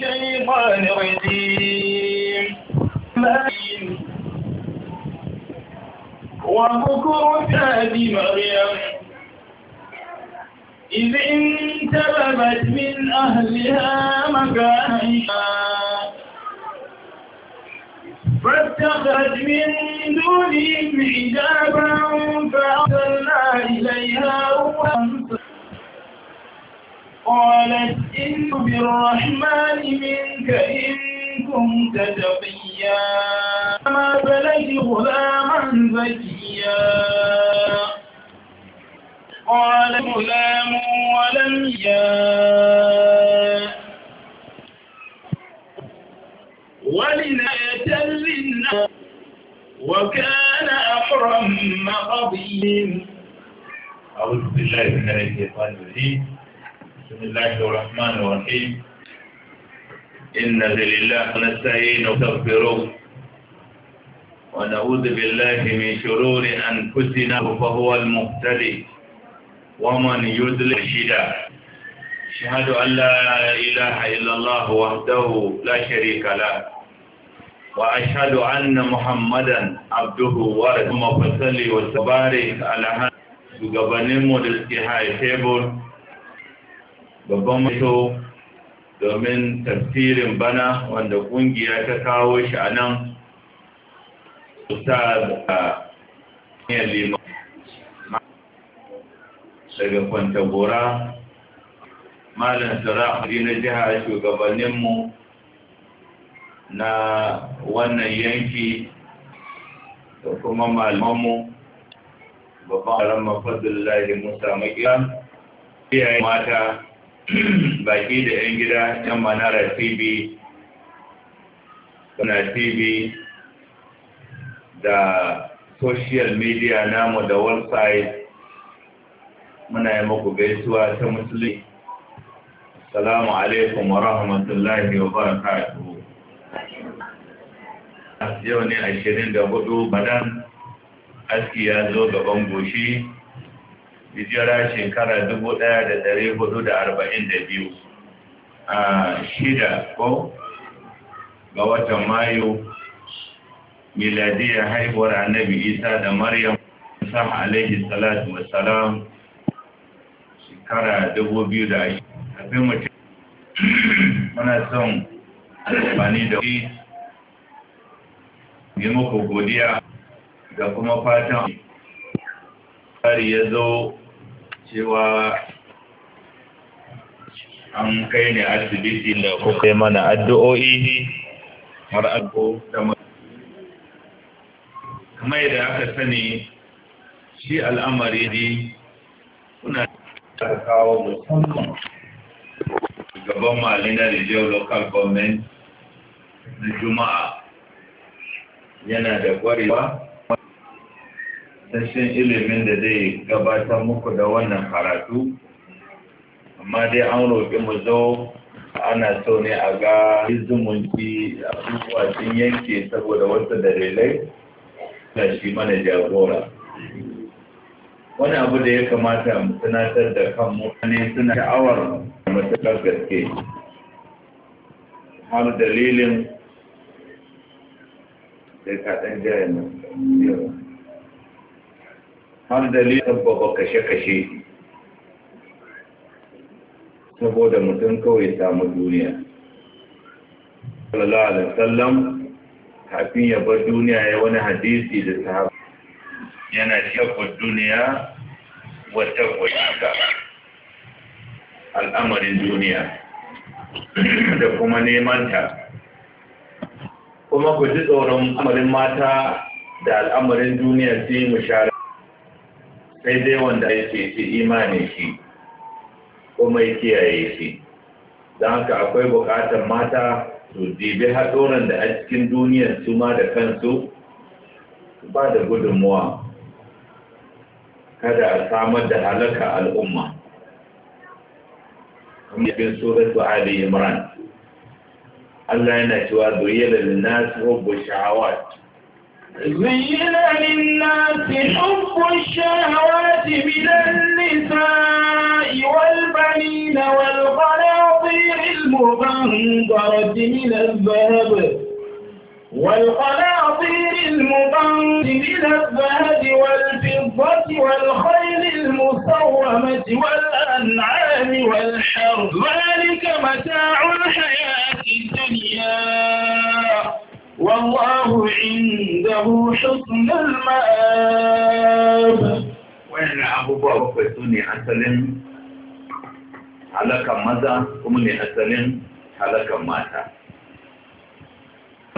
الشيطان الرجيم وبكرة مريم إذ انتبهت من أهلها مكانا فاتخذت من دونهم حجابا فأرسلنا إليها روحا قالت إن بالرحمن منك إن كنت تقيا ما بلغ غلاما زكيا قال غلام ولم يا ولناية للناس وكان أحرم قضيهم أعوذ بالله من الشيطان الرجيم بسم الله الرحمن الرحيم إن لله نستعين وكفره ونعوذ بالله من شرور أنفسنا فهو المقتدي ومن يدل شدا شهد أن لا إله إلا الله وحده لا شريك له وأشهد أن محمدا عبده ورسوله وصلي وسبارك على شغبانين مدرسي هاي تيبور babban mato domin tafsirin bana wanda kungiya ta kawo shi a nan ustaz a liman daga kwantagora malin sarari na jiha shugabanninmu na wannan yanki da kuma malamanmu babban alamma fadlullahi musa makiya iyayen mata baki da 'yan gida 'yan manara tv na tv da social media namu da website muna yi muku gaisuwa ta musulmi salamu alaikum wa rahmatullahi wa barakatu yau ne ashirin da hudu badan aski ya zo gaban goshi hijira shekara dubu ɗaya da ɗari hudu da arba'in da biyu a shida ko ga watan mayu miladiyar haihuwar annabi isa da maryam sa alaihi salatu wassalam shekara dubu biyu da ashirin mutum muna son amfani da wuri yi muku godiya da kuma fatan ya zo cewa an kai ne asibiti da kuka yi mana addu'o'i har ko da kamar da aka sani shi al'amari ne kuna da kawo musamman gaban mali na rijiyar local government na juma'a yana da kwarewa sashen ilimin da zai gabatar muku da wannan karatu amma dai an roƙi mu zo ana so ne a ga zumunci abubuwa sun yanke saboda wasu dalilai da shi mana jagora wani abu da ya kamata mu tunatar da kan mutane suna sha'awar matuƙar gaske har dalilin da kaɗan jaya har dalilin ba kashe-kashe saboda mutum kawai samu duniya sallallahu alaihi wasallam kafin ya bar duniya ya wani hadisi da sahaba yana shakwa duniya wata kwayaka al'amarin duniya da kuma nemanta kuma ku ji tsoron amarin mata da al'amarin duniya sai mu share sai dai wanda yake shi imanin shi kuma ya kiyaye shi don haka akwai bukatar mata su jibi haɗoran da a cikin duniyar su ma da kansu ba da gudunmuwa kada a samar da halaka al'umma kamar yabin suratu ali imran Allah yana cewa zuriyar lin nas hubbu زين للناس حب الشهوات من النساء والبنين والقناطير المقنطرة من الذهب والقناطير asalin halakan maza kuma ne asalin halakan mata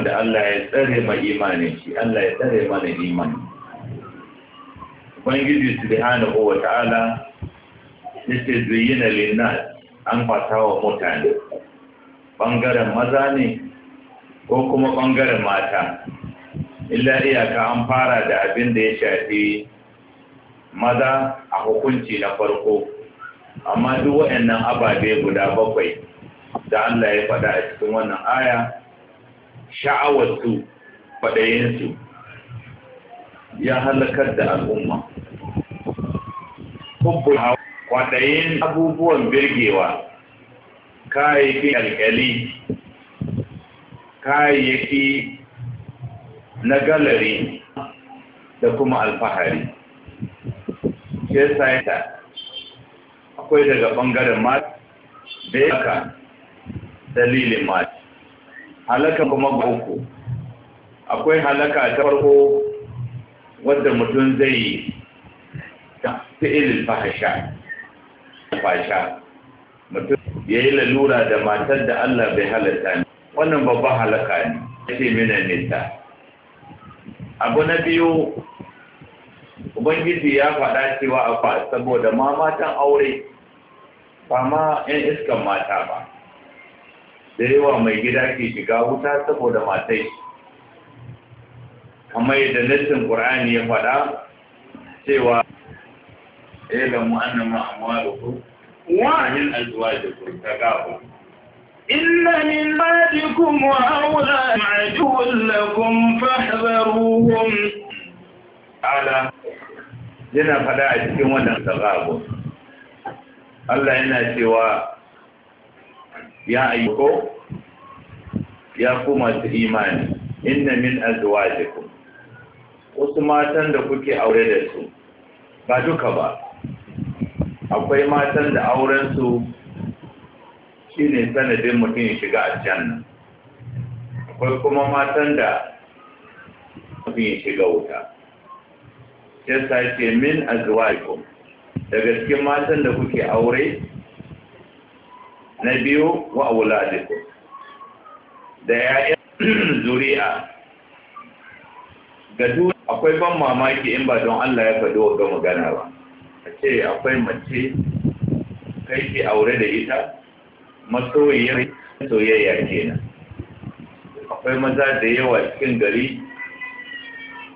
da Allah ya tsare ma imanin shi Allah ya tsare mana imani Ubangiji subhanahu wa ta'ala yace na lina an kwata wa mutane bangaren maza ne ko kuma ɓangaren mata illa iyaka an fara da abin da ya shafi maza a hukunci na farko amma duk waɗannan ababe guda bakwai da Allah ya faɗa a cikin wannan aya sha'awarsu faɗayensu ya halakar da al'umma kwaɗayin abubuwan birgewa kayayyaki alƙali kayayyaki na galari da kuma alfahari ke yasa akwai daga bangaren mat da ya dalilin mat. halaka kuma ga uku akwai halaka ta farko wadda mutum zai fi'ilin fahasha fasha mutum ya yi lalura da matar da Allah bai halatta ne wannan babban halaka ne ya ce mina nesa. abu na biyu ubangiji ya faɗa cewa a fa saboda ma matan aure ba ma 'yan iskan mata ba da yawa mai gida ke shiga wuta saboda matai kamar yadda nassin ƙur'ani ya faɗa cewa ilamu annama amwalukum wa ta azwajikum Inna إن من بعدكم وأولاد عدو لكم فاحذروهم على yana faɗa a cikin wannan tsagabo Allah yana cewa ya ayyuko ya kuma masu imani inna min azwajikum wasu matan da kuke aure da su ba duka ba akwai matan da aurensu shine sanadin mutum ya shiga aljanna akwai kuma matan da mutum ya shiga wuta yasa yake min azwaikum daga cikin matan da kuke aure na biyu wa auladikum da ya'yan zuri'a ga duk akwai ban mamaki in ba don Allah ya faɗi ga magana ba a ce akwai mace kai ke aure da ita masoyiyar soyayya kenan akwai maza da yawa cikin gari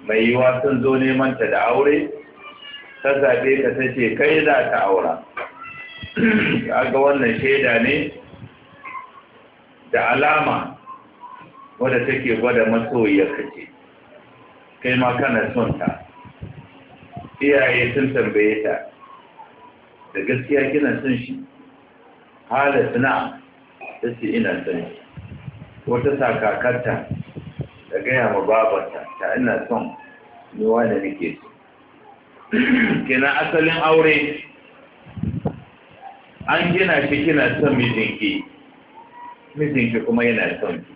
mai yi sun zo neman ta da aure ta zaɓe ka ta ce kai za ta aura ga wannan shaida ne da alama wadda take gwada masoyiyar kace kai ma kana son ta iyaye sun tambaye ta da gaskiya kina son shi halas na ta ce ina son shi wata sakakarta gaya ma babanta ta ina son ni wanda nake so kina asalin aure an gina shi kina son mijinki mijinki kuma yana son ki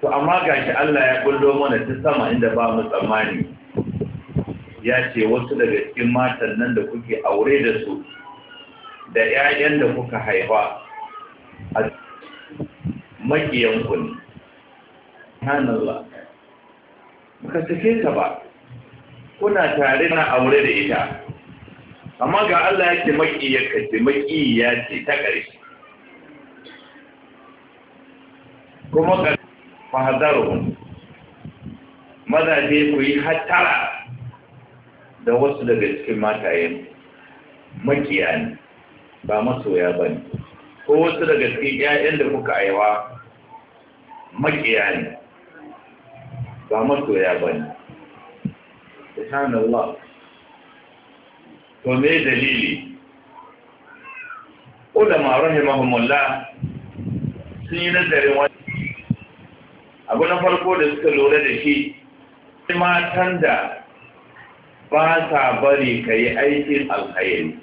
to amma gashi Allah ya bullo mana ta sama inda ba mu tsammani ya ce wasu daga cikin matan nan da kuke aure da su da 'ya'yan da kuka haifa a makiyanku ne hanallah baka sake ta ba kuna tare na aure da ita amma ga Allah ya ce makiyarka ce ce ta ƙarshe kuma ka fahadaru mazaje ku yi hattara da wasu daga cikin matayen makiya ne ba masoya ba ne ko wasu daga cikin 'ya'yan da kuka aiwa makiya ne ba ya ba ne subhanallah to ne dalili ulama rahimahumullah sun yi nazarin wani abu na farko da suka lura da shi matan da ba sa bari ka yi aikin alkhairi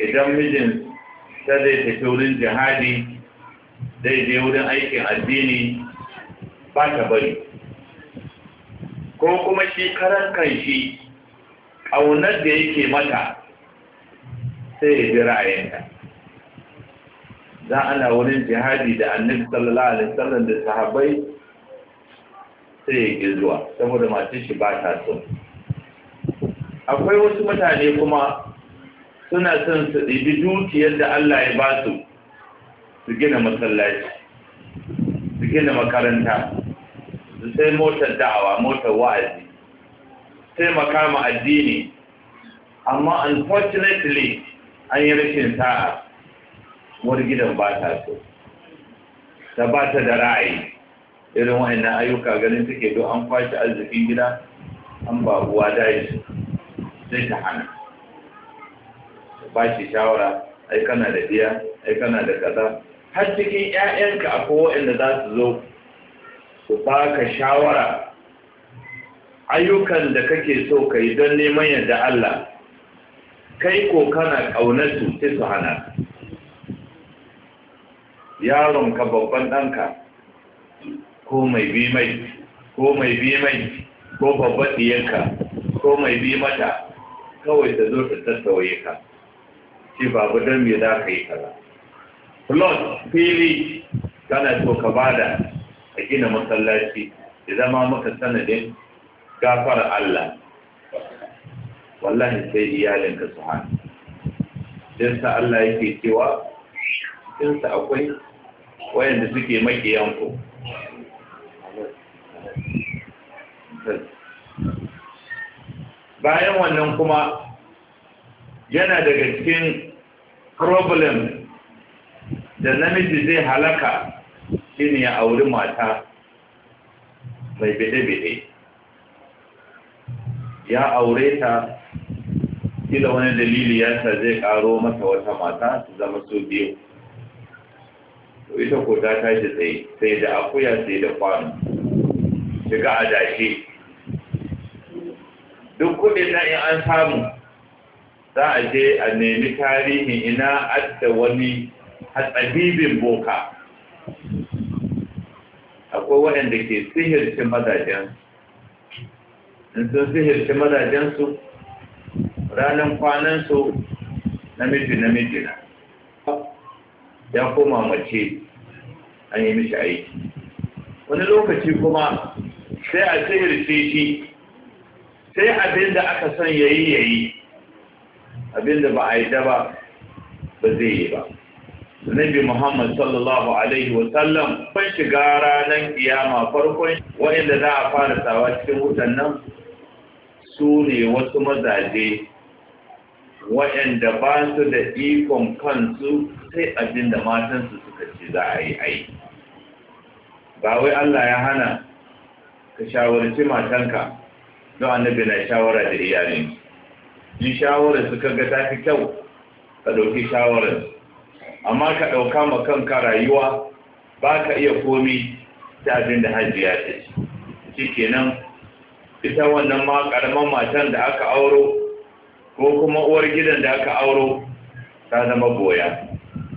idan mijin ta zai tafi wurin jihadi zai je wurin aikin addini ba ta bari ko kuma shi karan kan shi ƙaunar da yake mata sai ya bi ra'ayinta za ana wurin jihadi da annabi sallallahu alaihi wasallam da sahabbai sai ya ke zuwa saboda masu shi ba ta so akwai wasu mutane kuma suna son su ɗibi dukiyar da Allah ya ba su su gina masallaci su gina makaranta sai motar da'awa motar wa'azi sai makama addini amma unfortunately an yi rashin sa'a wani gidan ba ta so ta ba ta da ra'ayi irin wa'annan ayyuka ganin suke don an kwashe arzikin gida an ba uwa daji sai ta hana ba shi shawara ai kana da biya ai kana da kaza har cikin 'ya'yanka akwai wa'anda za su zo su baka shawara ayyukan da kake so ka yi don neman yadda Allah kai ko kana su sai su hana yaronka babban ɗanka ko mai bi mai ko mai bi mai ko babban ɗiyanka ko mai bi mata kawai ta zo ta tattawaye ka ce babu don me za ka yi kaza Flood, fili kana so ka bada a gina masallaci da zama maka sanadin gafar Allah wallahi sai iyalinka su hannu dinsa Allah yake cewa dinsa akwai wayanda suke ku bayan wannan kuma yana daga cikin problem da namiji zai halaka shi ya auri mata mai bide-bide ya aure ta kila wani dalili ya ta zai karo mata wata mata su zama su biyu to ita ko ta tashi tsaye sai da akuya sai da kwano shiga a dashe duk kudin na in an samu za a je a nemi tarihin ina adda wani hatsabibin boka akwai waɗanda ke sihirce mazajensu in sun sihirce mazajensu ranar kwanansu namiji namiji na ya koma mace an yi mishi aiki wani lokaci kuma sai a sihirce shi sai abin da aka son yayi yayi abin da ba a yi daba ba ba zai yi ba Nabi Muhammad sallallahu Alaihi wasallam kun shiga ranar kiyama farkon waɗanda za a fara sawa cikin wutan nan su ne wasu mazaje waɗanda ba su da ikon kansu sai abin da matansu suka ce za a yi ai. Ba wai Allah ya hana ka shawarci matanka don annabi na shawara da iyalin. Yi shawarar suka ga ta fi kyau ka ɗauki shawararsu. amma ka ɗauka ma kanka rayuwa ba ka iya komi ta abin da hajiya ta ce shi kenan ita wannan ma ƙaramin matan da aka auro ko kuma uwar gidan da aka auro ta zama goya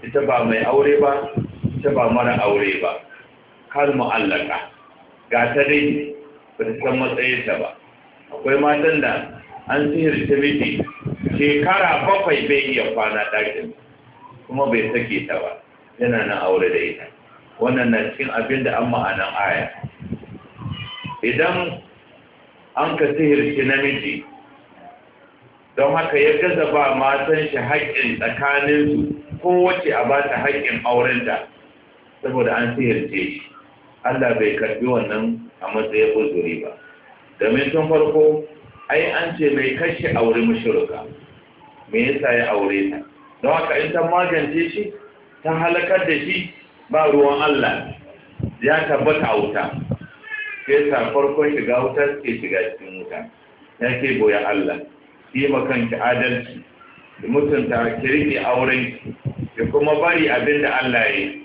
ita ba mai aure ba ita ba mara aure ba kar mu'allaka ga ta dai ba ta san matsayinta ba akwai matan da an ta miji shekara bakwai bai iya kwana ɗakin kuma bai sake ta ba yana nan aure da ita wannan na cikin abin da an ma'anan aya idan an ka sihirci namiji don haka ya gaza ba matan shi haƙƙin tsakaninsu kowace a bata ta haƙƙin aurenta saboda an sihirce shi Allah bai karbi wannan a matsayin uzuri ba domin tun farko ai an ce mai kashe aure mashirka me yasa ya aure ta Da haka in ta magance shi ta halakar da shi ba ruwan Allah ya tabbata wuta sai sa farkon shiga wuta ke shiga cikin wuta ya ke goya Allah yi makanki adalci da mutunta ki rike auren da kuma bari abin da Allah ya yi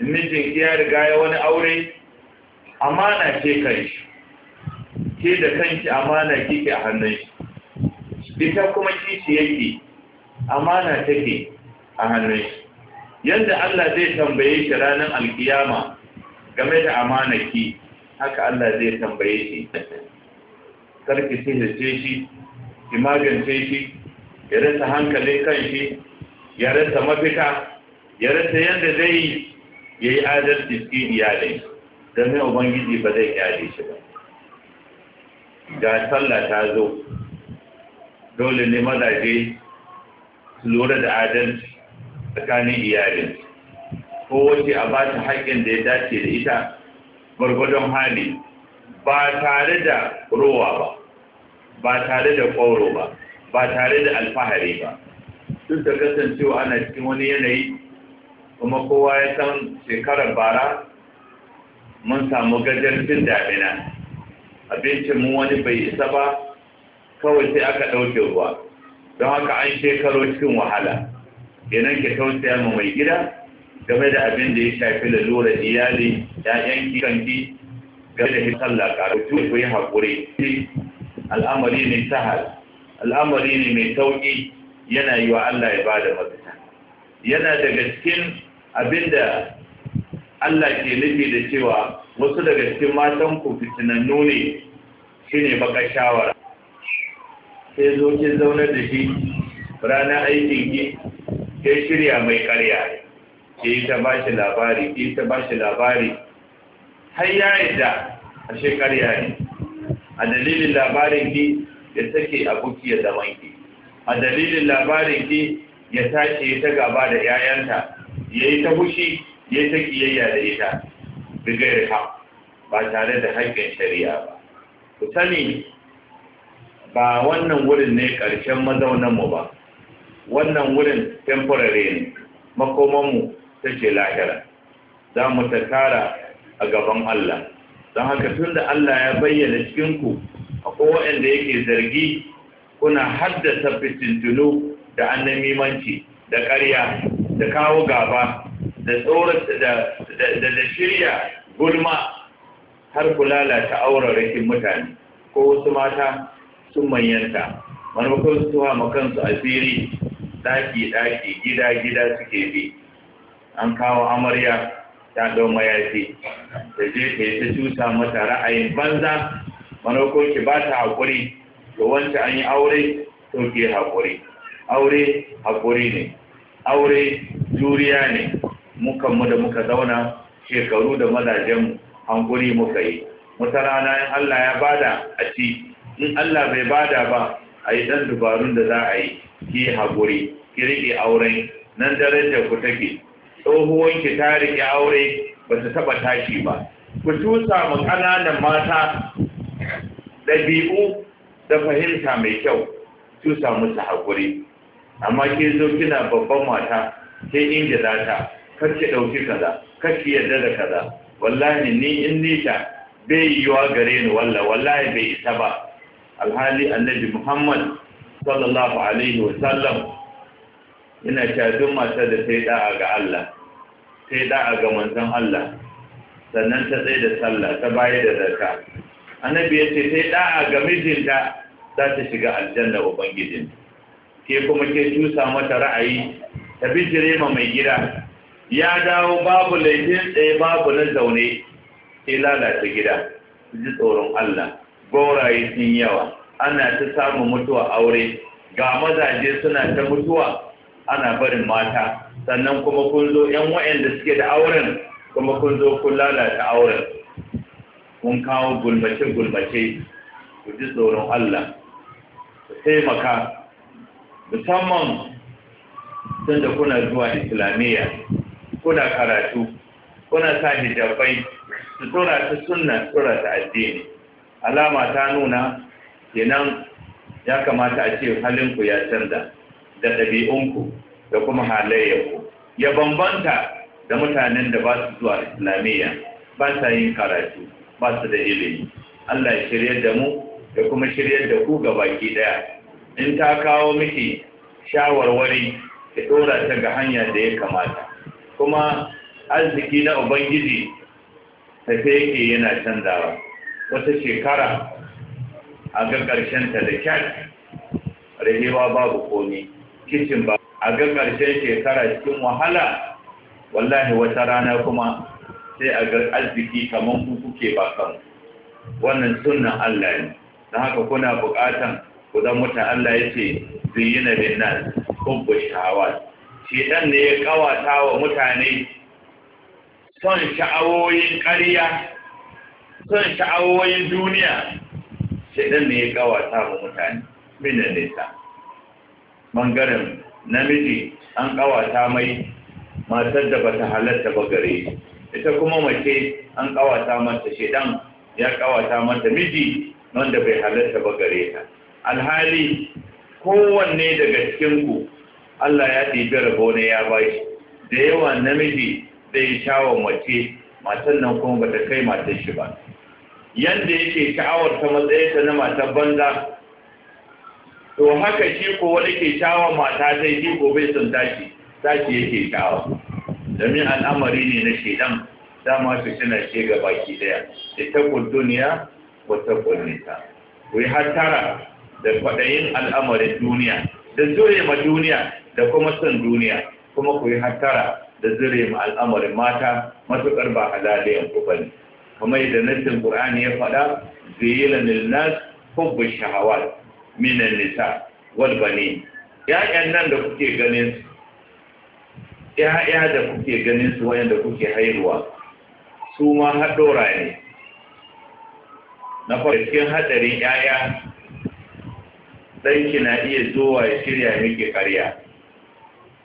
mijin ya riga ya wani aure amana ke kai ke da kanki amana kike a hannun shi ita kuma kishi yake amana take a hannun shi yadda Allah zai tambaye shi ranar alkiyama game da amanaki haka Allah zai tambaye shi karki sihirce shi ki magance shi ya rasa hankalin shi. ya rasa mafita ya rasa yadda zai ya yi adalci cikin iyalai domin ubangiji ba zai kyale shi ba ga sallah ta zo dole ne mazaje lura da adalci tsakanin iyali. ko wace a ba ta haƙƙin da ya dace da ita gwargwadon hali ba tare da rowa ba ba tare da ƙwauro ba ba tare da alfahari ba duk da kasancewa ana cikin wani yanayi kuma kowa ya san shekarar bara mun samu gajarcin damina mu wani bai isa ba kawai sai aka ɗauke ruwa don haka an shekaro cikin wahala kenan ke tausaya mu mai gida game da abin da ya shafi lura iyali ya'yan kanki game da hisan lakara tun ku yi haƙuri al'amari ne sahal al'amari ne mai sauƙi yana yi wa Allah ya bada mafita yana daga cikin abin da Allah ke nufi da cewa wasu daga cikin matan ku fitinannu ne shine baka shawara sai zo kin zaunar da shi ranar aikin ki ke shirya mai karya ke ta bashi labari ke ta bashi labari har ya yadda a shekarya ne a dalilin labarin ki ya take ya zaman ki a dalilin labarin ki ya tashi ta gaba da yayanta ya yi ta fushi ya yi ta kiyayya da ita bigayar ha ba tare da haƙƙin shari'a ba ku sani ba wannan wurin ne ƙarshen mazaunanmu ba wannan wurin temporary ne makomanmu ta ce lahira za mu ta tara a gaban Allah don haka tun da Allah ya bayyana cikinku akwai waɗanda yake zargi kuna haddasa fitintunu da annamimanci da ƙarya da kawo gaba da tsorata da shirya gulma har ku lalata auren mutane ko wasu mata sun manyanta maimakon su ma kansu asiri daki daki gida gida suke bi an kawo amarya ta dau mayafi da je ta yi ta cuta mata ra'ayin banza maimakon ki ba ta haƙuri to wancan an yi aure to ke haƙuri aure haƙuri ne aure juriya ne mukanmu da muka zauna shekaru da mazajen hankuri muka yi wata rana in Allah ya bada a ci in Allah bai bada ba a yi ɗan dubarun da za a yi ki haƙuri ki riƙe auren nan darajar ku take tsohuwanki ta riƙe aure ba su taɓa tashi ba ku tusa mu ƙananan mata ɗabi'u da fahimta mai kyau tusa musu haƙuri amma ke zo kina babban mata ke ingila ta kar ɗauki kaza kar ki yarda da kaza wallahi ni in nita bai yiwa gare ni wallahi bai isa ba alhali annabi muhammad sallallahu alaihi wa sallam yana shafin mata da ta yi da'a ga Allah ta yi da'a ga manzon Allah sannan ta tsaye da sallah ta baya da zarka annabi ya ce ta yi da'a ga mijinta za ta shiga aljanna ubangijin ke kuma ke cusa mata ra'ayi ta bijire ma mai gida ya dawo babu laifin tsaye babu na zaune sai lalata gida ji tsoron Allah goraye sun yawa ana ta samun mutuwa aure ga mazaje suna ta mutuwa ana barin mata sannan kuma kun zo yan wa'anda suke da auren kuma kun zo kun lalata auren kun kawo gulmace-gulmace ku ji tsoron Allah ku taimaka musamman tun da kuna zuwa islamiyya kuna karatu kuna sa hijabai su tura ta sunna tura ta addini alama ta nuna kenan ya kamata a ce halinku ya canza da ɗabi'unku da kuma halayyarku ya bambanta da mutanen da ba su zuwa islamiyya ba sa yin karatu ba su da ilimi Allah ya shiryar da mu da kuma shiryar da ku ga baki ɗaya in ta kawo miki shawarwari ki ɗora ta ga hanya da ya kamata kuma arziki na ubangiji tafe yake yana canzawa wata shekara a ga ƙarshenta da kyat rahewa babu komi kicin ba a ga ƙarshen shekara cikin wahala wallahi wata rana kuma sai a ga arziki kamar ku kuke ba kan wannan sunan Allah ne don haka kuna buƙatan ku zan muta Allah ya ce zuyina linnas hubbu shahawat shi dan ne ya ƙawata wa mutane son sha'awoyin ƙarya son sha'awoyin duniya dan ne ya gawata wa mutane min da nisa bangaren namiji an ƙawata mai matar da bata halatta ba gare ita kuma mace an ƙawata mata shaidan ya kawata mata miji wanda bai halatta ba gare ta alhali kowanne daga cikinku Allah ya ɗibi rabo ne ya bashi da yawa namiji zai wa mace matan nan kuma bata kai matar shi ba yadda yake sha'awar ta matsayinta na matan banza to haka shi ko wani ke sha'awar mata ta yi ko sun tashi tashi yake sha'awa domin al'amari ne na shedan dama su suna ce ga baki daya ita kun duniya wata kunnita ku yi hattara da kwaɗayin al'amarin duniya da zure ma duniya da kuma son duniya kuma ku yi hattara da zure ma al'amarin mata matuƙar ba halaliyan ku bane kamar yadda nassin qur'ani ya faɗa zayyana lil nas hubbu shahawat min nisa wal banin ya'yan nan da kuke ganin ya'ya da kuke ganin su wayanda kuke haihuwa su ma haɗora ne na farko cikin haɗarin ya'ya ɗanki na iya zuwa ya shirya miki ƙarya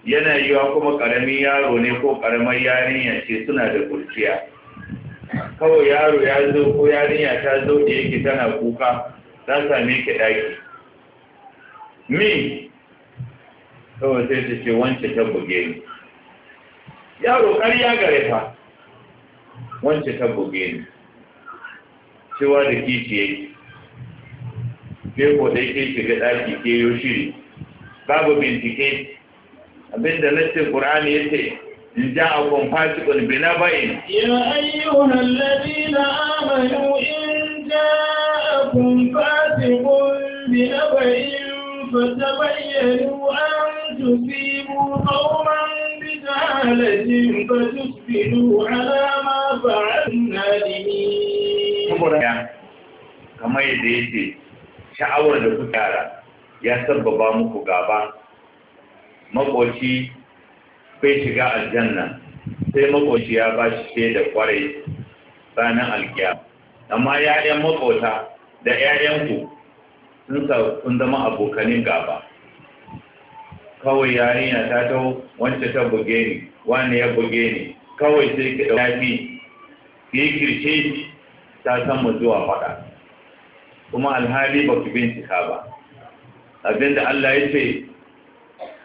yana yiwa kuma ƙaramin yaro ne ko ƙaramar yarinya ce suna da kurciya kawai yaro ya zo ko yarinya ta zo da yake tana kuka ta same ki ɗaki me kawai sai ta ce wance ta buge ni yaro ƙarya gare fa wance ta buge ni cewa da kici yake ke ko dai ke shiga ɗaki ke yo shiri babu bincike abinda na ce ƙur'ani ya ce إن جاءكم فاسق بنبأ يا أيها الذين آمنوا إن جاءكم فاسق بنبأ فتبينوا أن تصيبوا قوما بجهالة على ما kamar yadda ya sha'awar da kuka ya sabbaba muku gaba makoci bai shiga aljanna sai makoci ya ba shi ke da kwarai tsanin alkiya amma ya'yan makota da ya'yanku sun zama abokanin gaba kawai yarinya ta taho wance ta buge ni wani ya buge ni kawai sai ki ɗauki ki kirce ta san mu zuwa faɗa kuma alhali ba ku bincika ba abinda Allah ya ce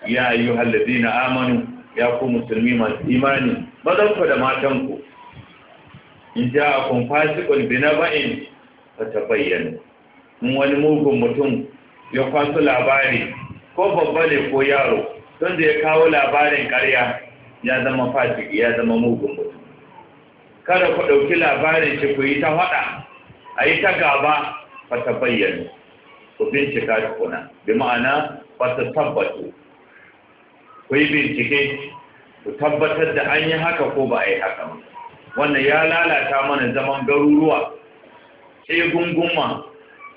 ya ayyuhal ladina amanu ya ku musulmi masu imani mazanku da matanku in ja a kun bina ba'in ka ta bayyana in wani mugun mutum ya kwaso labari ko babba ne ko yaro don da ya kawo labarin karya ya zama fasiki ya zama mugun mutum kada ku ɗauki labarin shi ku yi ta faɗa a yi ta gaba fa ta bayyana ku bincika tukuna bi ma'ana ba ta tabbatu ku bincike ku tabbatar da an yi haka ko ba a yi haka ba wannan ya lalata mana zaman garuruwa sai gungunma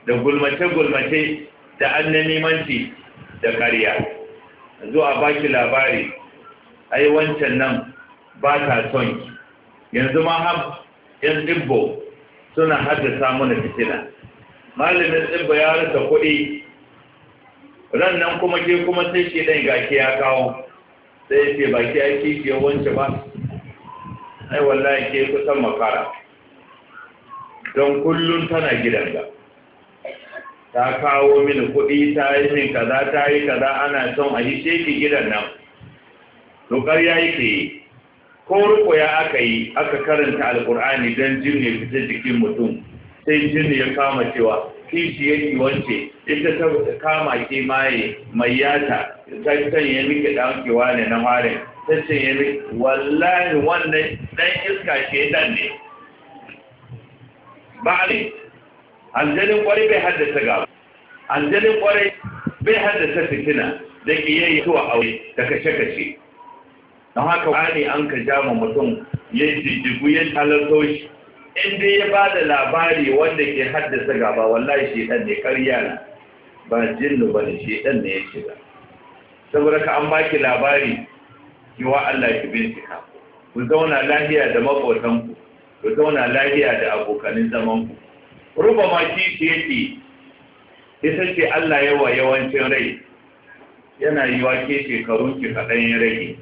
da gulmace-gulmace da nemanci da karya zuwa baki labari ai wancan nan ba ta son yanzu ma har yan tsibbo suna haddasa mana fitina malamin tsibbo ya rasa kuɗi ran nan kuma ke kuma sai shi dai ga ke ya kawo sai ke ba ke aiki ke wance ba ai wallahi ke kusan makara don kullum tana gidan ga ta kawo mini kuɗi ta yi min kaza ta yi kaza ana son a hishe ki gidan nan dokar ya yi ke yi ko riko ya aka yi aka karanta alkur'ani don jini fitar jikin mutum sai jini ya kama cewa kishiyar ki wance inda ta kama ke maye mai yata ta sanya miki ɗaukewa ne na harin ta sanya miki wallahi wannan dan iska ke dan ne ba ne aljanin kwarai bai haddasa gaba aljanin kwarai bai haddasa fitina da ke yi zuwa aure da kashe-kashe don haka wani an ka jama mutum ya jijjigu ya talar shi in dai ya ba da labari wanda ke haddasa gaba wallahi shedan ne karya ne ba jinnu ba ne shedan ne ya shiga saboda ka an baki labari ki wa Allah ki bincika ku zauna lahiya da maƙotanku ku zauna lahiya da abokanin zamanku ruba ma shi yake ita ce Allah yawa yawancin rai yana yi wa ke shekarun ki kaɗan ya rage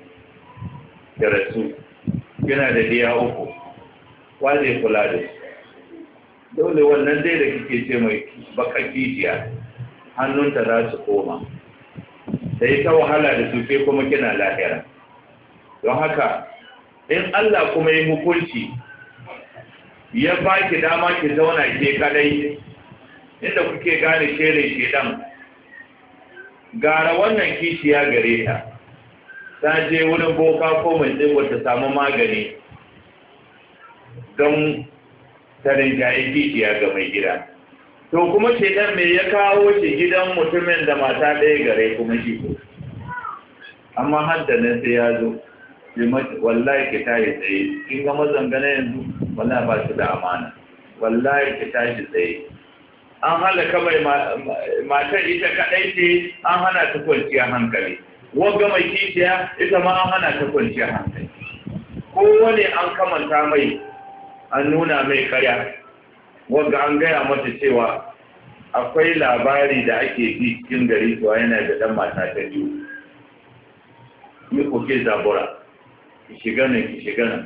da rasu yana da diya uku wane kula da shi dole wannan dai da kike ce mai baka kijiya hannunta za su koma da ita wahala da su ke kuma kina lahira don haka in Allah kuma yi hukunci ya ba ki dama ki zauna ke kadai inda kuke gane shere shedan gara wannan kishiya gare ta ta je wurin boka ko mai tsibo ta samu magani don tarin jaye kishiya ga mai gida to kuma shaidan mai ya kawo shi gidan mutumin da mata ɗaya gare kuma shi ko amma har da nan sai ya zo wallahi ki tashi tsaye kin ga mazangana yanzu wallahi ba su da amana wallahi ki tashi tsaye an hana kamar matar ita kaɗai ce an hana ta kwanciya hankali wagga mai kishiya ita ma an hana ta kwanciya hankali kowane an kamanta mai an nuna mai karya wanda an gaya mata cewa akwai labari da ake bi cikin gari to yana da dan mata ta biyu ni ko ke zabura ki shiga nan ki shiga ne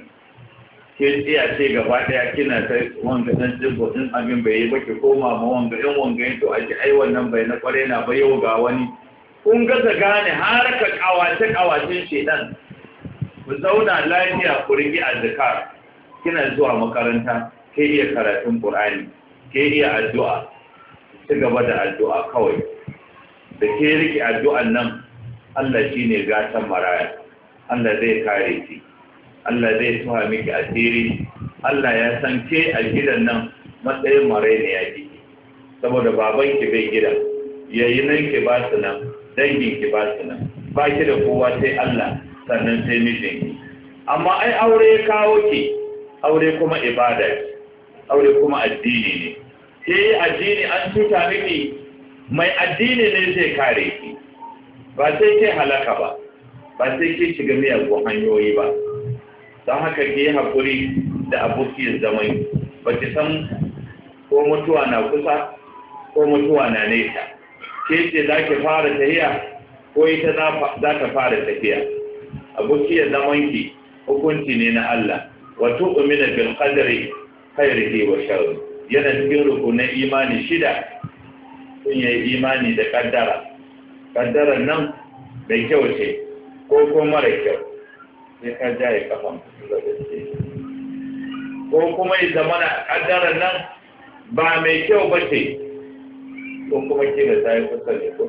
ke tsiya ce gaba daya kina ta wanga dan jibbo din abin bai yi ba ki koma ma wanga in wanga to a ji ai wannan bai na kware na ba yau ga wani kun ga ga gane har ka kawace kawacin shedan ku zauna lafiya ku rigi azkar kina zuwa makaranta ke iya karatun Qur'ani ke iya addu'a ci gaba da addu'a kawai da ke riƙe addu'an nan Allah shi ne gatan maraya Allah zai kare ki Allah zai tuha miki asiri Allah ya san ke a gidan nan matsayin marai ne ya ji saboda baban ki bai gidan yayi nan ki ba su nan dangin ki ba su nan ba ki da kowa sai Allah sannan sai mijinki amma ai aure ya kawo ki aure kuma ibada aure kuma addini ne eh addini an tuta miki mai addini ne zai kare ki ba sai ke halaka ba ba sai ke shiga miyagun hanyoyi ba don haka ke yi haƙuri da abokin zaman ba ki san ko mutuwa na kusa ko mutuwa na nesa ke ce za ki fara tafiya? ko ita za ta fara tafiya zaman zamanki hukunci ne na Allah wa tu'mina bil qadri khairihi wa sharri yana cikin rukunin imani shida sun yi imani da kaddara kaddarar nan mai kyau ce ko ko mara kyau sai ka jaye kafan ko kuma yi zamana kaddarar nan ba mai kyau ba ce ko kuma ke da yi kusa ne, ko.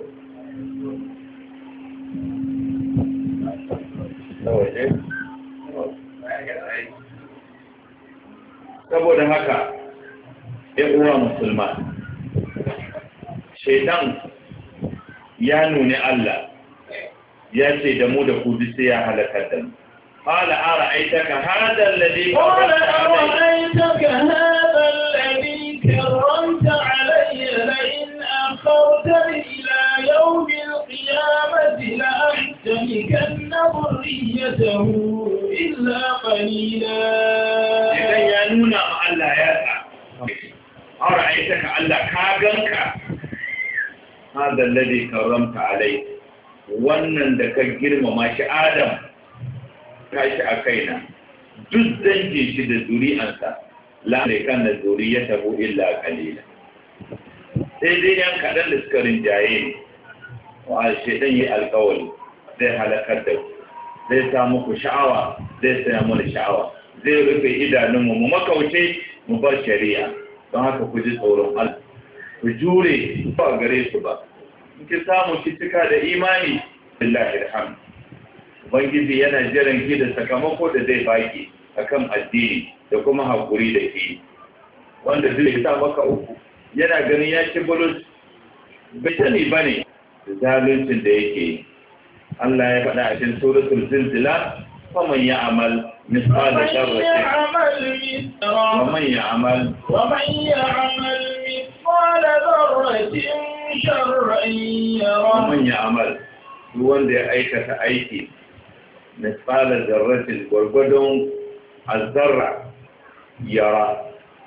Thank you. saboda haka uwa musulma shaitan ya nuni Allah ya ce da mu da ku sai ya halakar da mu قال أرأيتك هذا الذي قال أرأيتك هذا الذي كرمت علي لئن أخرتني إلى يوم القيامة لأحتمكن ذريته إلا قليلا Allah ya sa aura ka Allah ka ganka hadha alladhi karramta alai wannan da ka girmama shi Adam ka shi a kaina duk dangin shi da zuri'ansa la kan da bu illa qalila sai dai yan kaɗan da suka rinjaye ne wa shaidan yi alkawari zai halakar da ku zai samu ku sha'awa zai saya mana sha'awa zai rufe idanunmu mu makauce mu bar shari'a don haka ku ji tsoron Allah ku jure ba gare su ba in ki samu ki cika da imani billahi alhamd ubangiji yana jiran ki da sakamako da zai baki akan addini da kuma hakuri da ke wanda zai sa maka uku yana ganin ya ci bulus bai sani ba ne zaluncin da yake Allah ya faɗa a cikin suratul zilzila faman ya amal مثقال ذرة ومن يعمل مثقال ذرة شرا يرى ومن يعمل هو اللي مثقال ذرة قربدهم الذرة يرى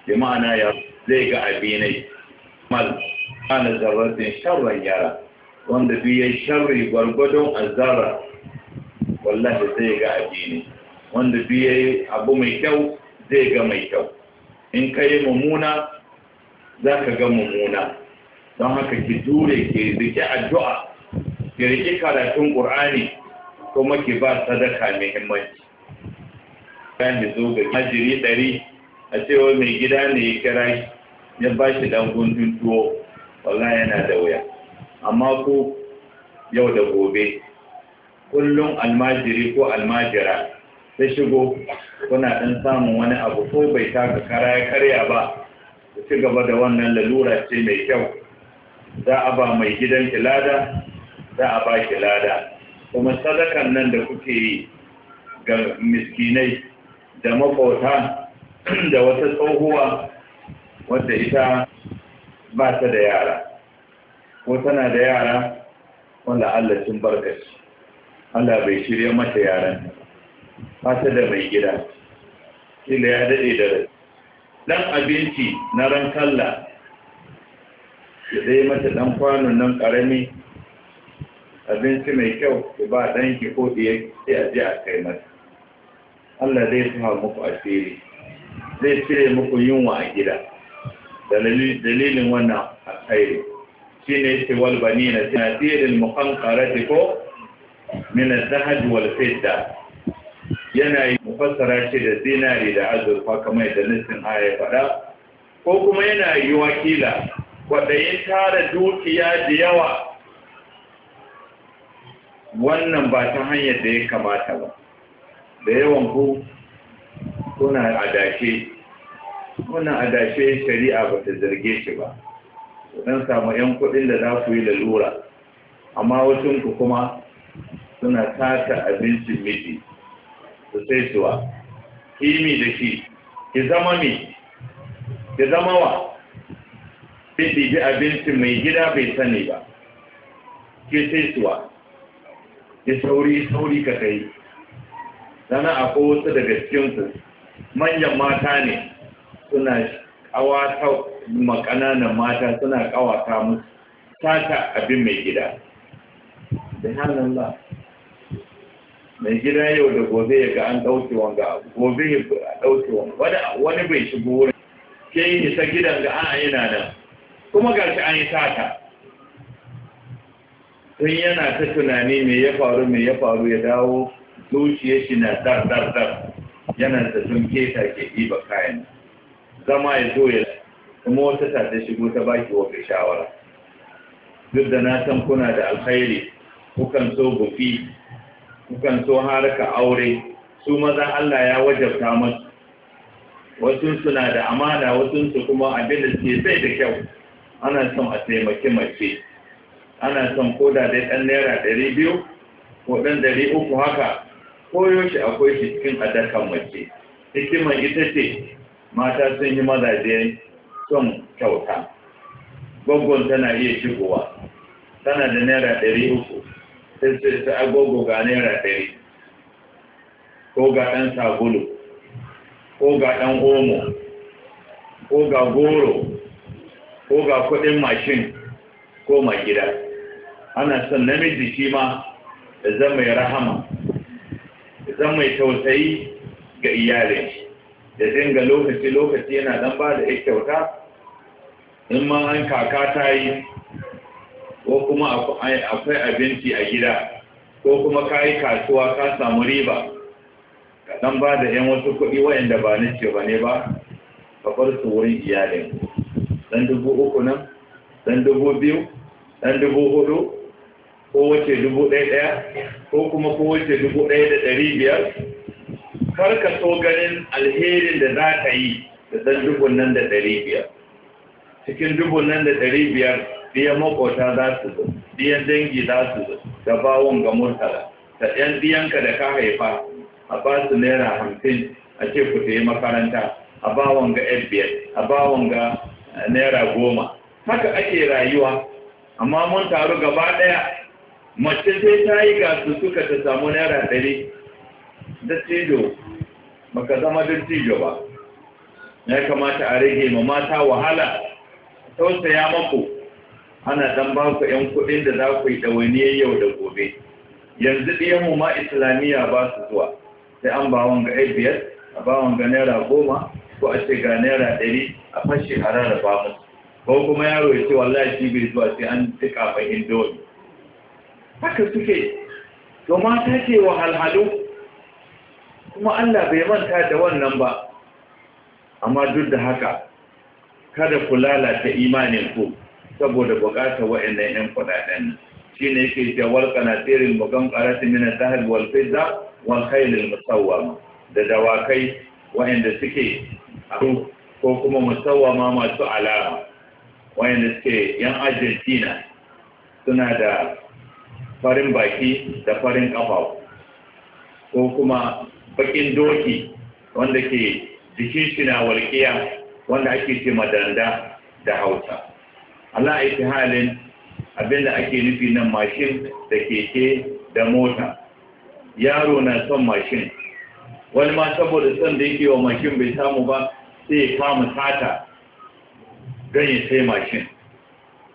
بمعنى يرى ليك عبيني مل كان ذرة شرا يرى وند بي شر قربدهم الذرة والله زيك عبيني wanda biye yayi abu mai kyau zai ga mai kyau in ka yi mummuna za ka ga mummuna don haka ki dure ki rike addu'a ki rike karatun ƙur'ani kuma ki ba sadaka muhimmanci ya ne zo ga majiri ɗari a cewa mai gida ne ya kira ya ba shi dan tuwo Wala yana da wuya amma ku yau da gobe kullum almajiri ko almajira ta shigo kuna ɗan samun wani abu ko bai taka kara ya karya ba ku ci gaba da wannan lalura ce mai kyau za a ba mai gidan kilada za a ba kilada kuma sadakan nan da kuke yi ga miskinai da makwauta da wata tsohuwa wadda ita ba ta da yara ko tana da yara wanda Allah sun barkaci Allah bai shirya mata yaran ba da mai gida kila ya daɗe da rai ɗan abinci na ran kalla ya ɗaya mata ɗan kwanon nan ƙarami abinci mai kyau ki ba ɗanki ko ɗiya sai a je a kai mata Allah zai sa muku asiri zai cire muku yunwa a gida dalilin wannan alkhairi shi ne ce walbanina Na tsirin mukan ko min zahaj wal fidda yana yi mufassara ce da zinari da azurfa kamar yadda nufin haya faɗa ko kuma yana yi wakila kwaɗayin tara dukiya da yawa wannan ba ta hanyar da ya kamata ba da yawan ku kuna adashe kuna adashe shari'a ba ta zarge shi ba don samu 'yan kuɗin da za ku yi lalura amma wasu kuma suna tata abincin miji ku sai suwa kimi da shi ki zama mi ki zama wa fiti bi abinci mai gida bai sani ba ki sai suwa ki sauri sauri ka kai sana ko wasu daga cikinsu manyan mata ne suna ƙawata ma mata suna ƙawata musu sata abin mai gida da hannun ba mai gida yau da gobe ya ga an ɗauke wanga gobe ya ɗauke wanga wani bai shigo wurin ke yi nisa gidan ga ana yana nan kuma ga shi an yi sata tun yana ta tunani me ya faru mai ya faru ya dawo zuciya shi na dar dar dar yana da sun keta ke ɗiba kayan zama ya zo ya kuma wata ta ta shigo ta baki wa shawara duk da na san kuna da alkhairi kukan so bufi Mukan so haraka aure su maza Allah ya wajabta musu. wasu suna da amana wasu su kuma abin da suke sai da kyau ana son a taimaki mace ana son ko da dai ɗan naira ɗari biyu ko ɗan ɗari uku haka koyo shi akwai shi cikin adakan mace hikimar ita ce mata sun yi mazaje son kyauta gwaggon tana iya shigowa tana da naira ɗari uku sai ta agogo ga naira ɗari ko ga ɗan sabulu ko ga ɗan omo ko ga goro ko ga kuɗin mashin ko ma gida ana son namiji shi ma da zama mai rahama da zama mai tausayi ga iyali. da dinga lokaci-lokaci yana ɗan ba da ya kyauta in ma an kaka ta yi ko kuma akwai abinci a gida ko kuma ka yi kasuwa ka samu riba ka dan ba da ‘yan wasu kuɗi waɗanda ba na ce ba ne ba ka bar su wurin iyalin dan dubu uku nan dan dubu biyu dan dubu hudu ko wace dubu ɗaya ɗaya ko kuma ko wace dubu ɗaya da ɗari biyar kar ka so ganin alherin da za ka yi da dan dubun nan da ɗari biyar cikin dubun nan da ɗari biyar biyan makota za su zo biyan dangi za su zo da bawon ga murtala da ɗan biyanka da ka haifa a ba su naira hamsin a ce ku yi makaranta a bawon ga fbs a bawon ga eh, naira goma haka ake rayuwa amma mun taru gaba ɗaya mace sai ta yi gasu suka ta samu naira ɗari da cijo baka zama da cijo ba ya kamata a rage ma mata wahala tausaya maku ana dan ba ku ƴan kuɗin da za ku yi ɗawainiyar yau da gobe yanzu ɗiyanmu ma islamiyya ba su zuwa sai an ba wanga ai biyar a ba wanga naira goma ko a ce ga naira ɗari a fashe a ba mu ko kuma yaro ya ce wallahi shi bai zuwa sai an ci mai indomi haka suke to mata ke wahalhalu kuma Allah bai manta da wannan ba amma duk da haka kada ku lalata imanin ku saboda bukatar wa'annan yan kudaden shine yake ce wal qanatirin mukan qarati min al-dahr wal fidda wal khayl musawwama da dawakai wa'anda suke ko kuma musawwama masu alama wa'anda suke yan Argentina suna da farin baki da farin kafa ko kuma bakin doki wanda ke jikin shi na walƙiya wanda ake ce madanda da hausa ala aiki halin abinda ake nufi nan mashin da keke da mota yaro na son mashin wani ma saboda son da yake wa mashin bai samu ba sai ya kama sata don ya sai mashin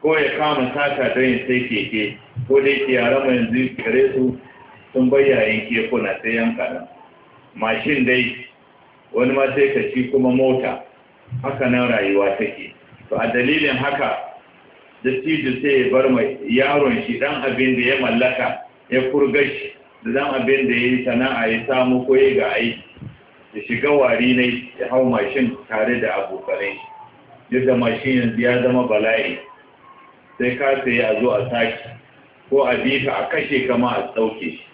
ko ya kama sata don ya sai keke ko da yake yara mai yanzu kare su sun bayyayen kekuna sai yanka nan mashin dai wani ma sai ka ci kuma mota haka nan rayuwa take to a dalilin haka dattijo sai ya bar mai yaron shi dan abin da ya mallaka ya furga shi da dan abin da ya yi sana'a ya samu ko ya ga aiki ya shiga wari ne ya hau mashin tare da abokanai da mashin yanzu ya zama bala'i sai ka sayi a zo a saki ko a bika a kashe kama a tsauke shi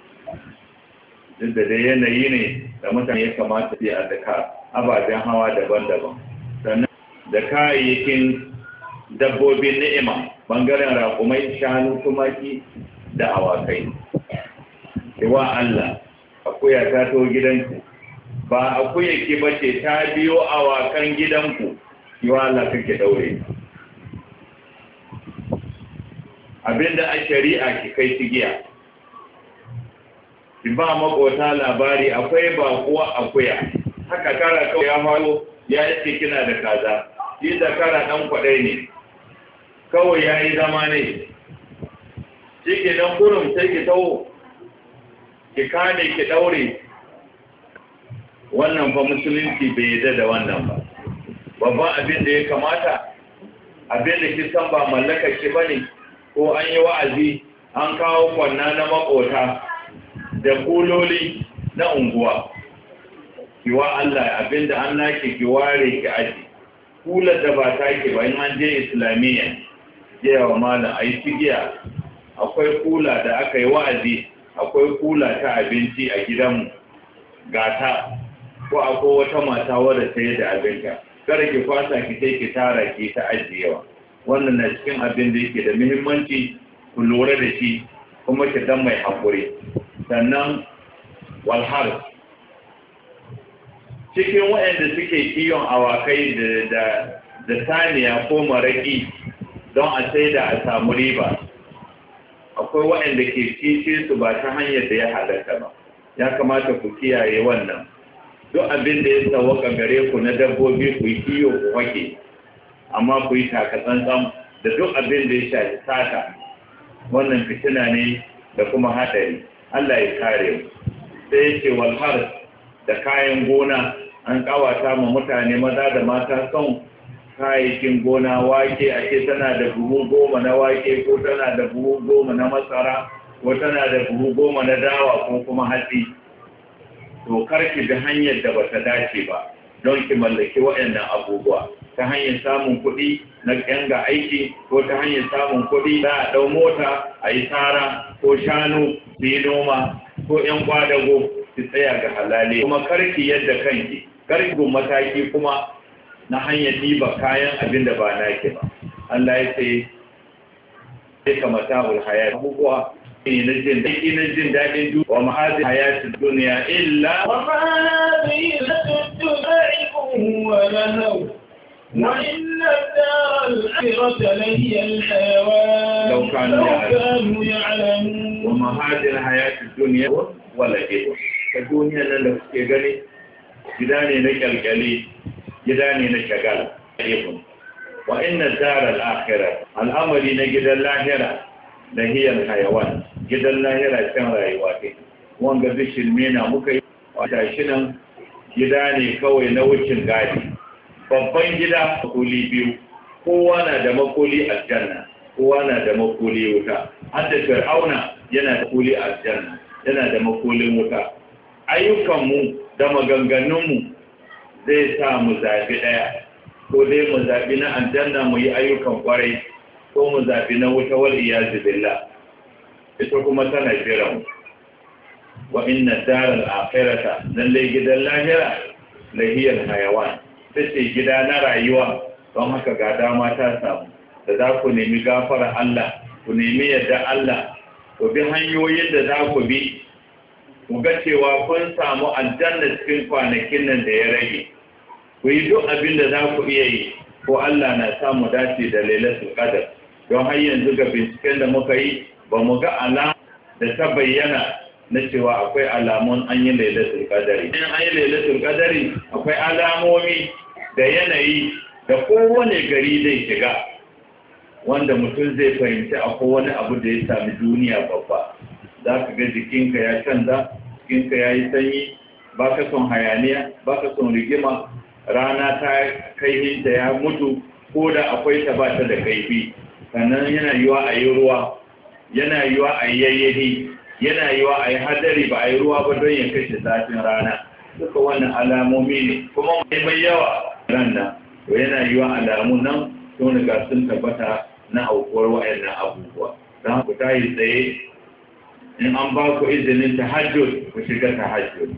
duk da dai yanayi ne da mutane ya kamata sai a daka ababen hawa daban-daban sannan da kayayyakin dabbobin ni'ima bangaren raƙumai shanu tumaki da awakai cewa Allah akuya ta to gidanku ba akuya ki bace ta biyo awakan gidanku cewa Allah kake daure abinda a shari'a ki kai tigiya giya. ba makota labari akwai bakuwa akuya haka kara kawai ya halo ya yi kina da kaza shi da kara dan kwadai ne kawai ya yi zama ne shi ke don kurum sai ki ta'u, ki kane ki daure wannan ba musulunci bai yi da wannan ba babban abin da ya kamata abin da kisan ba mallakar ki ne ko an yi wa'azi an kawo kwanna na makota da kuloli na unguwa kiwa Allah abin an naki ki ware ki aji kular da ba ta ki ba in an je islamiyya gaya wa malam a yi tigiya akwai kula da aka yi wa'azi akwai kula ta abinci a gidanmu gata ko akwai wata mata wadda ta yi da abinka kada ki kwasa ki sai ki tara ki ta ajiyewa wannan na cikin abin da yake da muhimmanci ku lura da shi kuma ki dan mai hakuri sannan walhar cikin waɗanda suke kiyon awakai da da saniya ko maraki don a saida a samu riba akwai waɗanda ke kishe su ba ta hanyar da ya halatta ba ya kamata ku kiyaye wannan duk abin da ya sawaka gare ku na dabbobi ku yi kiyo ku wake amma ku yi tsantsan, da duk abin da ya shafi sata wannan fitina ne da kuma haɗari Allah ya kare mu sai ce walhar da kayan gona an kawata ma mutane maza da mata son kayayyakin gona wake a ce tana da buhu goma na wake ko tana da buhu goma na masara ko tana da buhu goma na dawa ko kuma hatsi to ki da hanyar da bata dace ba don ki mallaki waɗannan abubuwa ta hanyar samun kuɗi na yanga aiki ko ta hanyar samun kuɗi za a ɗau mota a yi tsara ko shanu su yi noma ko ƴan kwadago su tsaya ga halali kuma karki yadda kanki karki mataki kuma na hanyar diba kayan abin da ba na ke ba Allah ya ce sai ka mata haya abubuwa ne na jin daɗi na jin daɗin duk wa ma'azi su duniya illa wa ma'azi لو كانوا يعلمون وما هذه الحياة الدنيا ولا gida ne na kyalkyali gida ne na shagal ayyukun wa ina dar al al'amari na gidan lahira na hiyar hayawan gidan lahira can rayuwa ne wanga bishin mena muka yi wata shi nan gida ne kawai na wucin gadi babban gida makoli biyu kowa na da makoli aljanna kowa na da makoli wuta har da fir'auna yana da makoli aljanna yana da makolin wuta ayyukanmu da maganganunmu zai sa mu zaɓi ɗaya ko dai mu zaɓi na aljanna mu yi ayyukan kwarai ko mu zaɓi na wuta wal iyazu billah ita kuma tana jiran wa inna daral akhirata lallai gidan lahira lahiyar hayawan tace gida na rayuwa don haka ga dama ta samu da za ku nemi gafara Allah ku nemi yadda Allah ku bi hanyoyin da za ku bi ku ga cewa kun samu aljanna cikin kwanakin nan da ya rage ku yi duk abin da za ku iya yi ko Allah na samu dace da lailatul qadar don har yanzu ga binciken da muka yi ba mu ga alama da ta bayyana na cewa akwai alamun an yi lailatul qadar in an yi lailatul qadar akwai alamomi da yanayi da kowane gari zai shiga wanda mutum zai fahimci akwai wani abu da ya sami duniya babba za ka ga jikinka ya canza jikinka ya yi sanyi ba ka son hayaniya ba ka son rigima rana ta kai da ya mutu ko da akwai ta ba ta da kaifi sannan yana yiwa a yi ruwa yana yiwa a yi yayyahi yana yiwa a yi hadari ba a yi ruwa ba don ya kashe zafin rana duka wannan alamomi ne kuma mai yawa ran nan to yana yiwa alamun nan sun riga sun tabbata na aukuwar wa'annan abubuwa don ku yi tsaye in an ba ku izinin tahajjud ku shiga tahajjud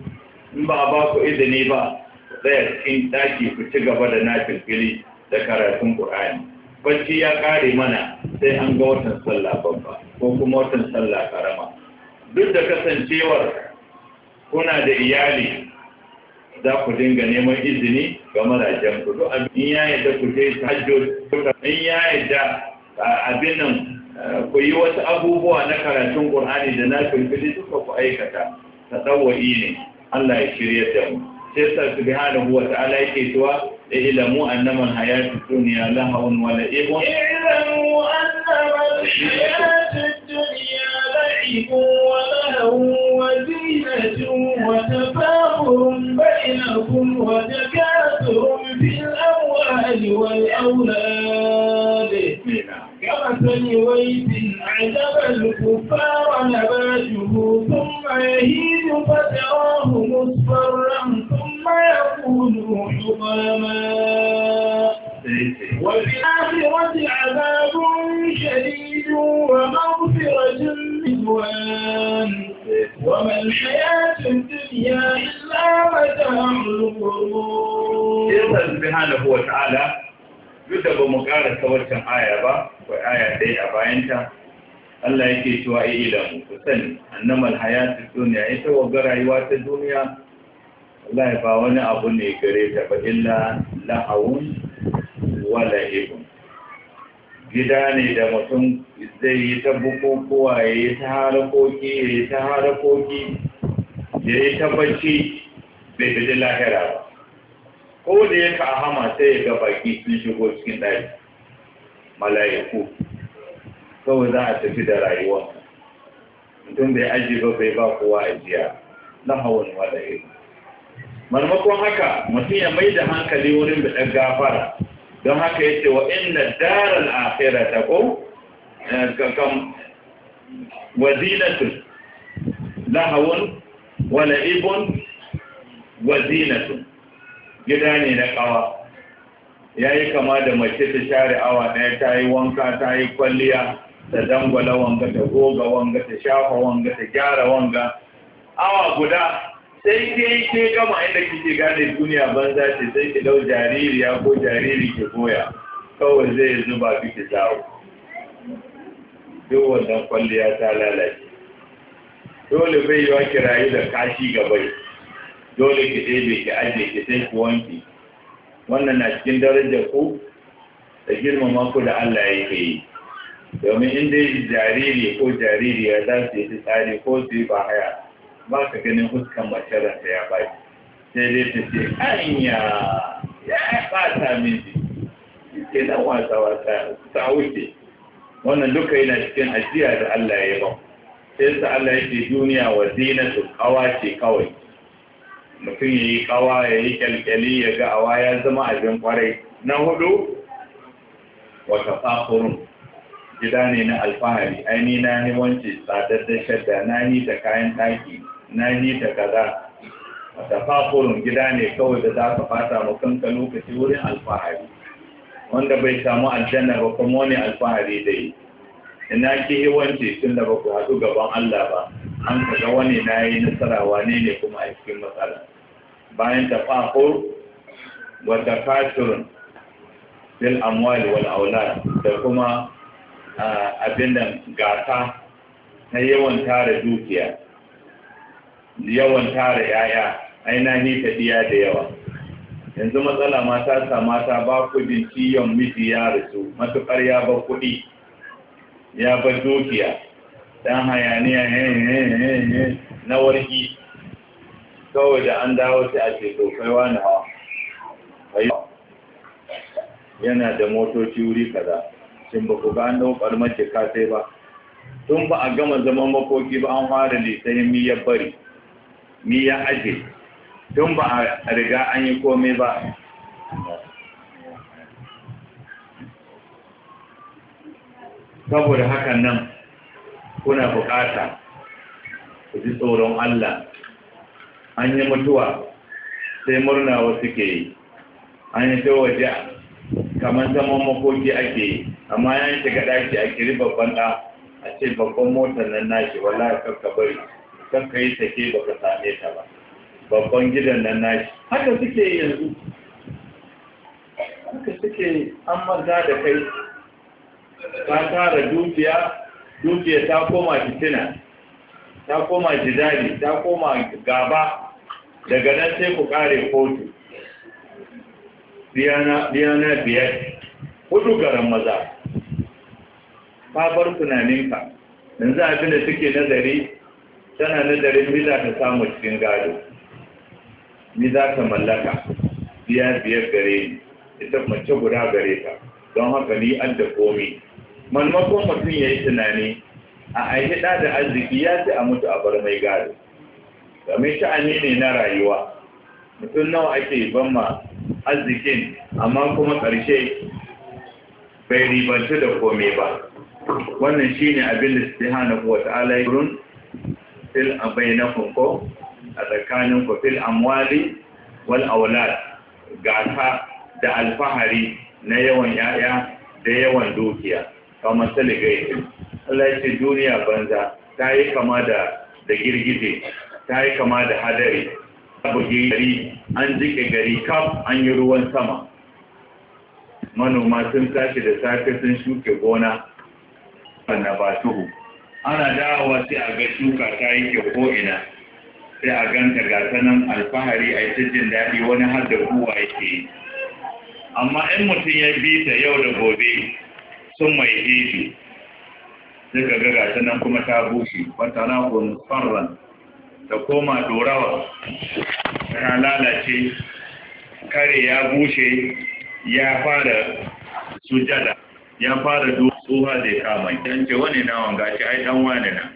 in ba a ba ku izini ba tsaya cikin daki ku ci gaba da nafilfili da karatun ƙur'ani bacci ya ƙare mana sai an ga watan sallah babba ko kuma watan sallah karama duk da kasancewar kuna da iyali za ku dinga neman izini ga marajen ku duk in ya yadda ku je hajjo in ya yadda abin nan ku yi wasu abubuwa na karatun ƙur'ani da na duka ku aikata ta tsawo ne Allah ya shirya da mu يسأل سبحانه وتعالى تعالى كيتوا اعلموا أنما الحياة الدنيا لهو ولعب اعلموا أنما الحياة الدنيا لعب ولهو وزينة وتفاخر بينكم وتكاثر في الأموال والأولاد كمثل ويت عجب الكفار نباته ثم يهيج فتراه مصفرا فيكون حطاما وفي الآخرة عذاب شديد ومغفرة رضوان وما الحياة الدنيا إلا متاع الغرور سبحانه وتعالى duk da ba mu ƙara ta waccan aya ba ko aya dai a bayanta Allah yake cewa ya ilamu ku sani annamal hayatu duniya ita wa rayuwa ta duniya wallahi ba wani abu ne gare ta ba illa la'awun wala ibun gida ne da mutum zai yi ta bukukuwa ya yi ta harakoki ya yi ta harakoki ya yi ta bacci bai fi lahira ba ko da a hama sai ya ga baki sun shigo cikin ɗari mala'iku kawai za a tafi da rayuwa mutum bai aji ba bai ba kowa ajiya na hawan wala ibun marmakon haka mutum ya mai da hankali wurin da ɗan gafara don haka ya ce wa inna daral akhira ta ko eh, kan wazinatun lahawun wala ibon wazinatun gida ne na kawa ya yi kama da mace ta share awa ɗaya ta yi wanka ta yi kwalliya ta dangwala wanga ta goga wanga ta shafa wanga ta gyara wanga awa guda sai dai ke gama inda kike gane duniya banza ce sai ki dau jaririya ko jariri ke koya kawai zai zuba kike dawo duk wannan kwalliya ta lalace dole bai yiwa ki rayu da kashi gabai dole ki ɗebe ki aje ki sai ku wanke. wannan na cikin darajar ku da girmama ku da Allah ya yi domin in dai jariri ko jaririya za su yi tsari ko su yi bahaya ba ka ganin huskan mace ta ya baki sai dai ta ce anya ya ta miji ke dan wasa wasa ta wuce wannan duka yana cikin ajiya da Allah ya ba sai sa Allah ya ce duniya wa zinatu kawa ce kawai mutum ya yi kawa ya yi kyalkyali ya ga awa ya zama abin kwarai na hudu wata fafurun gida ne na alfahari ainihin na ni wance tsadar da shadda na ni da kayan ɗaki na yi ta kaza tafafurin gida ne kawai da za ka fata wa kanka lokaci wurin alfahari wanda bai samu aljanna ba kuma wani alfahari dai ina ki hiwanci tun da ba ku haɗu gaban Allah ba an kaga wani na yi nasara wane ne kuma a cikin matsala bayan tafafur wata fashirin bil amwal wal aulad da kuma ah, abin da gata na yawan tara dukiya yawan tara yaya aina ne ta diya da yawa yanzu matsala mata sa mata ba kudin ciyon miji ya rasu matukar ya ba kudi ya ba dukiya dan hayaniya na warki kawai da an dawo sai a ce kai wani hawa yana da motoci wuri kaza shin ba ku ga an ɗaukar mace ka sai ba tun ba a gama zaman makoki ba an fara lisanin miyar bari ni ya aje tun ba a riga an yi komai ba saboda hakan nan kuna bukata ku ji tsoron Allah an yi mutuwa sai murna wasu ke yi an yi ta waje kamar zaman makoki ake yi amma ya shiga ɗaki a kiri babban ɗa a ce babban motar nan nashi wallahi kakka bari kan ka yi ba ka same ta ba babban gidan nan nashi haka suke yanzu haka suke an maza da kai ta tara dukiya dukiya ta koma fitina ta koma jidali ta koma gaba daga nan sai ku kare kotu biyana biyar hudu garan maza Babar bar tunaninka yanzu abin da suke nazari tana nazarin mi za ta samu cikin gado Ni za ta mallaka biya biyar gare ni ita mace guda gare ta don haka ni an da komi manmakon mutum ya yi tunani a aiki da da arziki ya ce a mutu a bar mai gado domin sha'ani ne na rayuwa mutum nawa ake ban ma arzikin amma kuma ƙarshe bai ribantu da komai ba wannan shine abin da hana kuwa ta'ala ya fil na ko a tsakanin ku fil amwali wal aulad gata da alfahari na yawan yaya da yawan dukiya kamar saligai Allah ya ce duniya banza ta yi kama da da girgije ta yi kama da hadari abu gari an jike gari kaf an yi ruwan sama manoma sun tashi da safe sun shuke gona batuhu ana dawowa sai a ga shuka ta yake ko'ina sai a ganta gata nan alfahari a yi jin daɗi wani har da kuwa yake yi amma in mutum ya bi ta yau da gobe sun mai hiji sai ga gata nan kuma ta bushe wata na farran ta koma dorawa ta lalace kare ya bushe ya fara sujada ya fara dora tsuha zai kama Idan ce wani na wanga ce ai dan wani na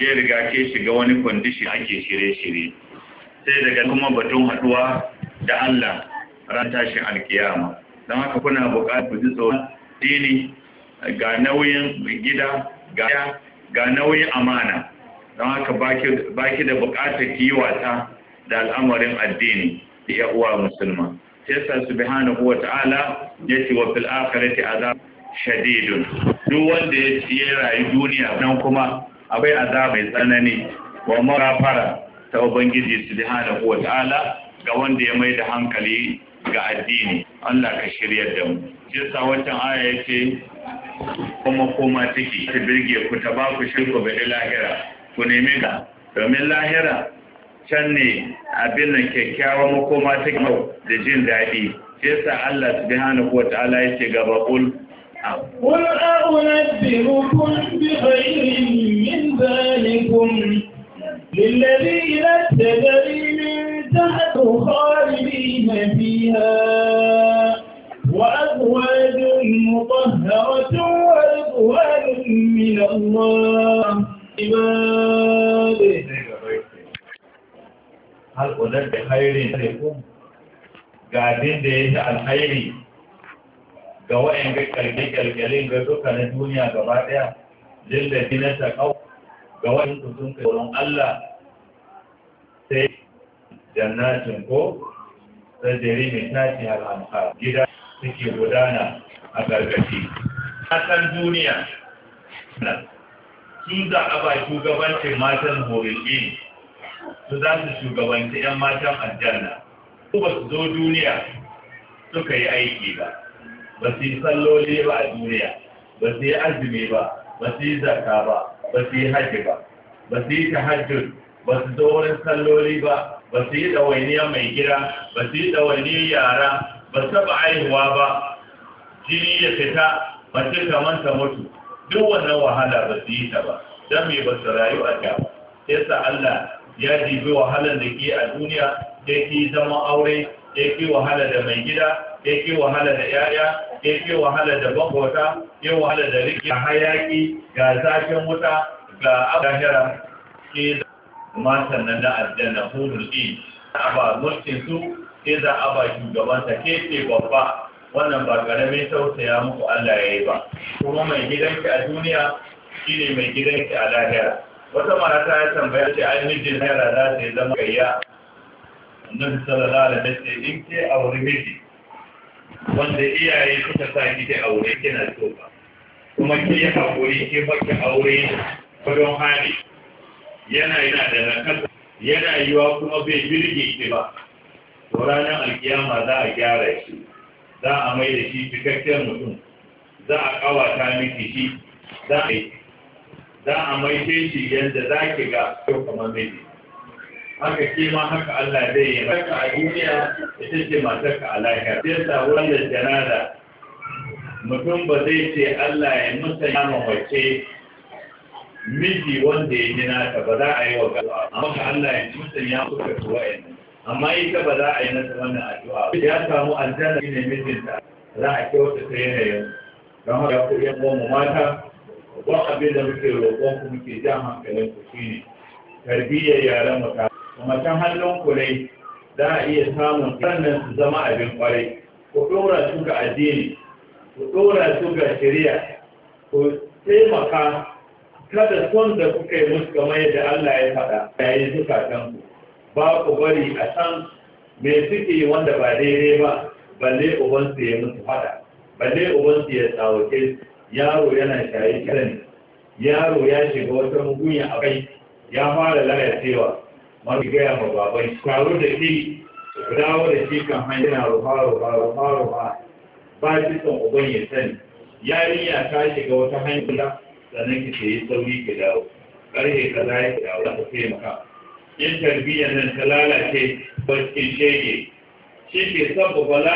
ke riga ke shiga wani kwandishi ake shirye-shirye sai daga kuma batun haduwa da Allah ran tashin alkiyama don haka kuna buƙatar ku ji tsoron dini ga nauyin gida ga ga nauyin amana don haka baki da buƙatar ki wata da al'amarin addini da uwa musulma sai sa subhanahu wa ta'ala yace wa fil akhirati azab shadidun duk wanda ya ci ya rayu duniya nan kuma akwai azabai tsanani wa marafara ta ubangiji subhanahu wata'ala ga wanda ya mai da hankali ga addini Allah ka shiryar da mu jinsa wancan aya yace kuma koma take ta birge ku ta ba ku shirku bai lahira ku nemi ka domin lahira can ne abin nan kyakkyawan makoma take da jin daɗi sai Allah subhanahu wata'ala yace ga baqul قل أنبئكم بخير من ذلكم للذين تجري من تحت خالدين فيها وأزواج مطهرة ورضوان من الله عباده هل أولاد بخير لكم قاعدين ده الخير ga wayan ga kyalke-kyalkelin ga duka na duniya gaba ɗaya lillafi na kau ga wayan su sun tsoron Allah sai jannatin ko sajiri mai tashi al'amfa gida suke gudana a gargashi ƙasar duniya sun za a ba shugabancin matan horiki su za su shugabanci 'yan matan aljanna ko ba su zo duniya suka yi aiki ba ba su yi salloli ba a duniya ba su yi azumi ba ba su yi zaka ba ba su yi hajji ba ba su yi tahajjud ba su zo wurin salloli ba ba su yi ɗawainiya mai gida ba su yi ɗawainiya yara ba su taɓa aihuwa ba jini ya fita mace kamar ta mutu duk wannan wahala ba su yi ta ba don me ba su rayu a ta sai sa Allah ya jibi wahalar da ke a duniya ya ki zama aure ya ki wahala da mai gida ya ki wahala da yaya yi wahala da bangota yi wahala da riƙe hayaki ga zafin wuta ga hira ke da matan nan na aljanna hulul in ba mulkin su ke za a ba shugabanta ke ce babba wannan ba ƙaramin tausaya muku Allah ya yi ba kuma mai gidanki a duniya shine mai gidanki a lahira wata mara ta yi tambaya ce ai mijin lahira za ta yi zama gayya annabi sallallahu alaihi wasallam in ke aure miji wanda iyaye suka sa ki aure kina so ba kuma ki yi haƙuri ki baki aure don hali yana yana da nakasa yana yiwa kuma bai birge ki ba to ranar alkiyama za a gyara shi za a mai da shi cikakken mutum za a ƙawata miki shi za a mai shi yadda za ki ga kyau kamar miji haka ke ma haka Allah zai yi haka a duniya ita ce ka a lahira sai sa wannan janaza mutum ba zai ce Allah ya musanya ma wace miji wanda ya gina ta. ba za a yi wa gaba amma Allah ya ya musa kuwa yanzu amma ita ba za a yi nasa wannan addu'a ya samu aljanna ne mijinta za a kyauta ta yanayin don haka ku yan mu mata ba abin da muke roƙon ku muke jan hankalin ku shine tarbiyyar yaran mutane macen hannun kurai za a iya samun sannan su zama abin kwarai ku ɗora su ga addini ku ɗora su ga shari'a ku taimaka kada son da kuka yi musu kamar yadda Allah ya faɗa yayin kan ku ba ku bari a san me suke wanda ba daidai ba balle ubansu ya musu faɗa balle ubansu ya tsawoke yaro yana shaye kiran yaro ya shiga wata mugunya a ya fara lalacewa mafi gaya ma babai taru da shi dawo da shi kan hanyar rufa rufa rufa rufa ba shi son uban ya sani yarinya ta shiga wata hanyar sannan ki ce yi sauri ki dawo ƙarfe ka za ki dawo za ka taimaka yin tarbiyyar nan ta lalace ba ki shege shi ke sabbaba